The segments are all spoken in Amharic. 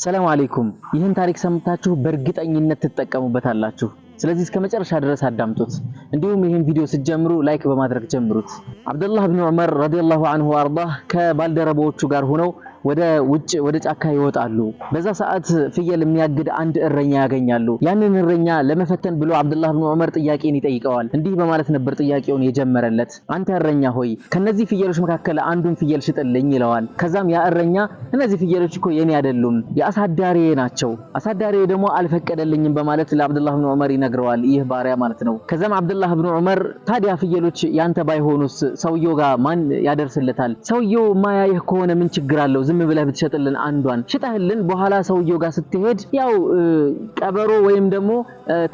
ሰላም አለይኩም። ይህን ታሪክ ሰምታችሁ በእርግጠኝነት ትጠቀሙበታላችሁ። ስለዚህ እስከ መጨረሻ ድረስ አዳምጡት። እንዲሁም ይህን ቪዲዮ ስትጀምሩ ላይክ በማድረግ ጀምሩት። አብደላህ ብን ዑመር ረዲየላሁ አንሁ አርዳህ ከባልደረቦቹ ጋር ሆነው ወደ ውጭ ወደ ጫካ ይወጣሉ። በዛ ሰዓት ፍየል የሚያግድ አንድ እረኛ ያገኛሉ። ያንን እረኛ ለመፈተን ብሎ አብዱላህ ብን ዑመር ጥያቄን ይጠይቀዋል። እንዲህ በማለት ነበር ጥያቄውን የጀመረለት። አንተ እረኛ ሆይ ከነዚህ ፍየሎች መካከል አንዱን ፍየል ሽጥልኝ ይለዋል። ከዛም ያ እረኛ እነዚህ ፍየሎች እኮ የኔ አይደሉም የአሳዳሪ ናቸው፣ አሳዳሪ ደግሞ አልፈቀደልኝም በማለት ለአብዱላህ ብን ዑመር ይነግረዋል። ይህ ባሪያ ማለት ነው። ከዛም አብዱላህ ብን ዑመር ታዲያ ፍየሎች ያንተ ባይሆኑስ ሰውየው ጋር ማን ያደርስለታል? ሰውየው ማያየህ ከሆነ ምን ችግር አለው? ዝም ብለህ ብትሸጥልን አንዷን ሽጠህልን በኋላ ሰውየው ጋር ስትሄድ ያው ቀበሮ ወይም ደግሞ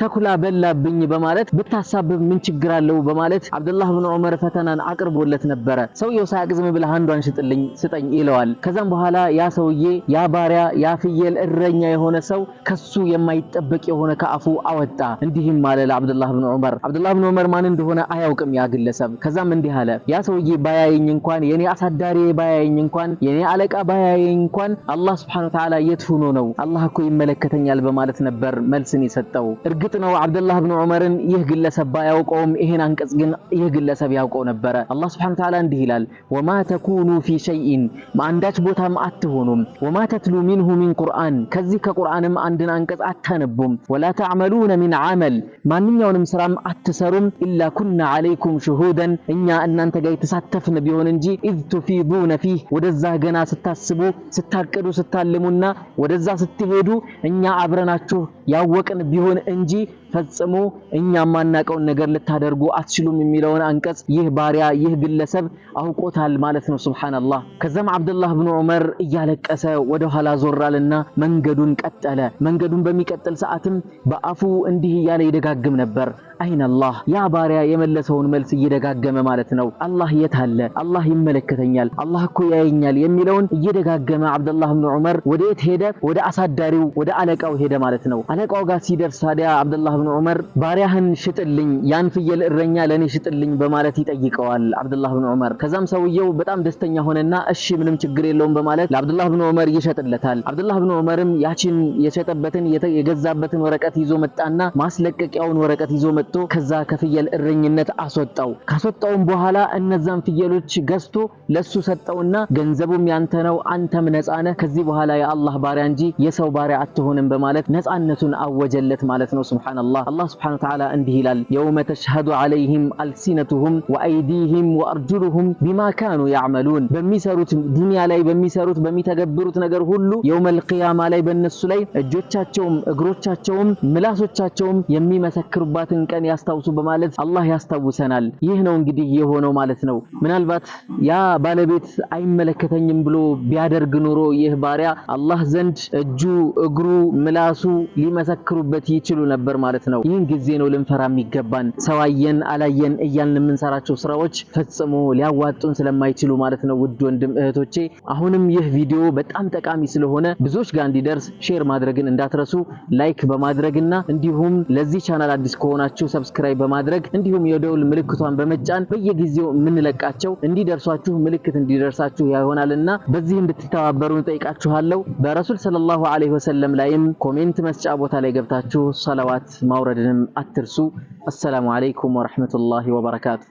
ተኩላ በላብኝ በማለት ብታሳብብ ምን ችግር አለው በማለት አብደላህ ብን ዑመር ፈተናን አቅርቦለት ነበረ። ሰውየው ሳያቅ ዝም ብለህ አንዷን ሽጥልኝ ስጠኝ ይለዋል። ከዛም በኋላ ያ ሰውዬ ያ ባሪያ ያ ፍየል እረኛ የሆነ ሰው ከሱ የማይጠበቅ የሆነ ከአፉ አወጣ። እንዲህም አለ ለአብደላህ ብን ዑመር። አብደላህ ብን ዑመር ማን እንደሆነ አያውቅም ያ ግለሰብ። ከዛም እንዲህ አለ ያ ሰውዬ ባያየኝ እንኳን የኔ አሳዳሪ ባያየኝ እንኳን የኔ አለቃ ባያየኝ እንኳን አላህ ሱብሓነሁ ወተዓላ የት ሆኖ ነው? አላህ እኮ ይመለከተኛል በማለት ነበር መልስን የሰጠው። እርግጥ ነው አብደላህ ብን ዑመርን ይህ ግለሰብ ባያውቀውም ይሄን አንቀጽ ግን ይህ ግለሰብ ያውቀው ነበረ። አላህ ሱብሓነሁ ወተዓላ እንዲህ ይላል፣ ወማ ተኩኑ ፊ ሸይኢን አንዳች ቦታም አትሆኑም፣ ወማ ተትሉ ሚንሁ ሚን ቁርአን ከዚህ ከቁርአንም አንድን አንቀጽ አታነቡም፣ ወላ ተዕመሉነ ሚን ዓመል ማንኛውንም ስራም አትሰሩም፣ ኢላ ኩና ዓለይኩም ሽሁደን እኛ እናንተ ጋር የተሳተፍን ቢሆን እንጂ ኢዝ ቱፊዱነ ፊህ ወደዛ ገና ስታ ስታስቡ፣ ስታቅዱ፣ ስታልሙና ወደዛ ስትሄዱ እኛ አብረናችሁ ያወቅን ቢሆን እንጂ ፈጽሞ እኛ የማናቀውን ነገር ልታደርጉ አትችሉም የሚለውን አንቀጽ ይህ ባሪያ ይህ ግለሰብ አውቆታል ማለት ነው። ሱብሃንአላህ። ከዛም አብዱላህ ብኑ ዑመር እያለቀሰ ወደ ኋላ ዞራልና መንገዱን ቀጠለ። መንገዱን በሚቀጥል ሰዓትም በአፉ እንዲህ እያለ ይደጋግም ነበር አይነላህ ያ ባሪያ የመለሰውን መልስ እየደጋገመ ማለት ነው። አላህ የት አለ? አላህ ይመለከተኛል፣ አላህ እኮ ያየኛል የሚለውን እየደጋገመ አብዱላህ ብኑ ዑመር ወደ የት ሄደ? ወደ አሳዳሪው ወደ አለቃው ሄደ ማለት ነው። አለቃው ጋር ሲደርስ ታዲያ አብዱላህ ብን ዑመር ባሪያህን ሽጥልኝ፣ ያን ፍየል እረኛ ለኔ ሽጥልኝ በማለት ይጠይቀዋል አብዱላህ ብን ዑመር። ከዛም ሰውየው በጣም ደስተኛ ሆነና እሺ ምንም ችግር የለውም በማለት ለአብዱላህ ብን ዑመር ይሸጥለታል። አብዱላህ ብን ዑመርም ያችን የሸጠበትን የገዛበትን ወረቀት ይዞ መጣና ማስለቀቂያውን ወረቀት ይዞ መጥቶ ከዛ ከፍየል እረኝነት አስወጣው። ካስወጣውም በኋላ እነዛን ፍየሎች ገዝቶ ለሱ ሰጠውና ገንዘቡም ያንተ ነው፣ አንተም ነፃ ነህ፣ ከዚህ በኋላ የአላህ ባሪያ እንጂ የሰው ባሪያ አትሆንም በማለት ነፃነቱን እሱን አወጀለት ማለት ነው። ሱብሃነላህ አላህ ሱብሃነሁ ወተዓላ እንዲህ ይላል፣ የውመ ተሽሀዱ ዐለይሂም አልሲነቱሁም ወአይዲሂም ወአርጁሉሁም ቢማ ካኑ ያዕመሉን። በሚሰሩት ዱንያ ላይ በሚሰሩት በሚተገብሩት ነገር ሁሉ የውመል ቂያማ ላይ በእነሱ ላይ እጆቻቸውም እግሮቻቸውም ምላሶቻቸውም የሚመሰክሩባትን ቀን ያስታውሱ በማለት አላህ ያስታውሰናል። ይህ ነው እንግዲህ የሆነው ማለት ነው። ምናልባት ያ ባለቤት አይመለከተኝም ብሎ ቢያደርግ ኑሮ ይህ ባሪያ አላህ ዘንድ እጁ እግሩ ምላሱ ሊመሰክሩበት ይችሉ ነበር ማለት ነው። ይህን ጊዜ ነው ልንፈራ የሚገባን። ሰው አየን አላየን እያልን የምንሰራቸው ስራዎች ፈጽሞ ሊያዋጡን ስለማይችሉ ማለት ነው። ውድ ወንድም እህቶቼ፣ አሁንም ይህ ቪዲዮ በጣም ጠቃሚ ስለሆነ ብዙዎች ጋር እንዲደርስ ሼር ማድረግን እንዳትረሱ፣ ላይክ በማድረግና እንዲሁም ለዚህ ቻናል አዲስ ከሆናችሁ ሰብስክራይብ በማድረግ እንዲሁም የደውል ምልክቷን በመጫን በየጊዜው የምንለቃቸው እንዲደርሷችሁ ምልክት እንዲደርሳችሁ ይሆናልና በዚህ እንድትተባበሩ እንጠይቃችኋለሁ። በረሱል ሰለላሁ ዐለይሂ ወሰለም ላይም ኮሜንት መስጫ ቦታ ላይ ገብታችሁ ሰላዋት ማውረድንም አትርሱ። አሰላሙ አለይኩም ወረህመቱላሂ ወበረካቱ።